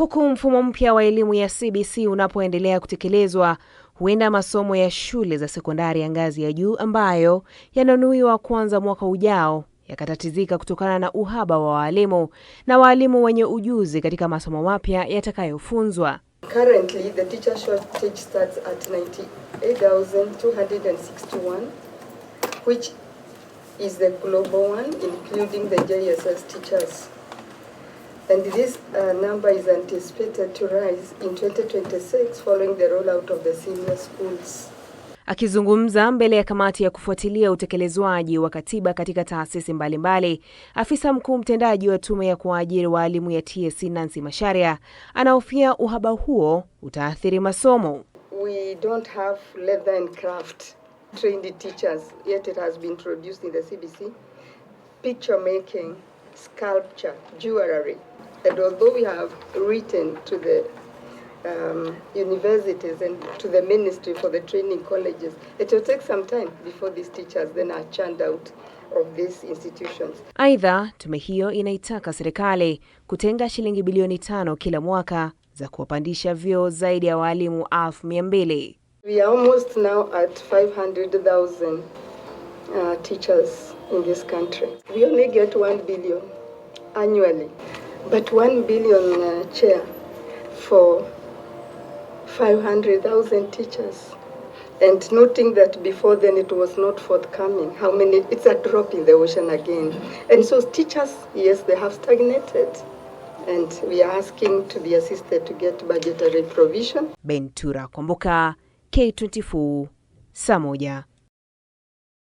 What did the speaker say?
Huku mfumo mpya wa elimu ya CBC unapoendelea kutekelezwa, huenda masomo ya shule za sekondari ya ngazi ya juu ambayo yananuiwa kuanza mwaka ujao yakatatizika kutokana na uhaba wa waalimu na waalimu wenye ujuzi katika masomo mapya yatakayofunzwa. Currently, the teacher shortage starts at 98,261, which is the global one, including the JSS teachers and this uh, number is anticipated to rise in 2026 following the rollout of the senior schools. Akizungumza mbele ya kamati ya kufuatilia utekelezwaji wa katiba katika taasisi mbalimbali, afisa mkuu mtendaji wa tume ya kuajiri waalimu ya TSC Nancy Masharia anahofia uhaba huo utaathiri masomo. We don't have leather and craft trained teachers yet it has been introduced in the CBC picture making sculpture, jewelry. And although we have written to the um, universities and to the ministry for the training colleges, it will take some time before these teachers then are churned out of these institutions. Aidha, tume hiyo inaitaka serikali kutenga shilingi bilioni tano kila mwaka za kuwapandisha vyeo zaidi ya walimu elfu mia mbili. We are almost now at 500,000 uh, teachers in this country. We only get 1 billion annually, but 1 billion uh, chair for 500,000 teachers. And noting that before then it was not forthcoming. How many? It's a drop in the ocean again. And so teachers, yes, they have stagnated and we are asking to be assisted to get budgetary provision. Bentura Komboka, K24, saa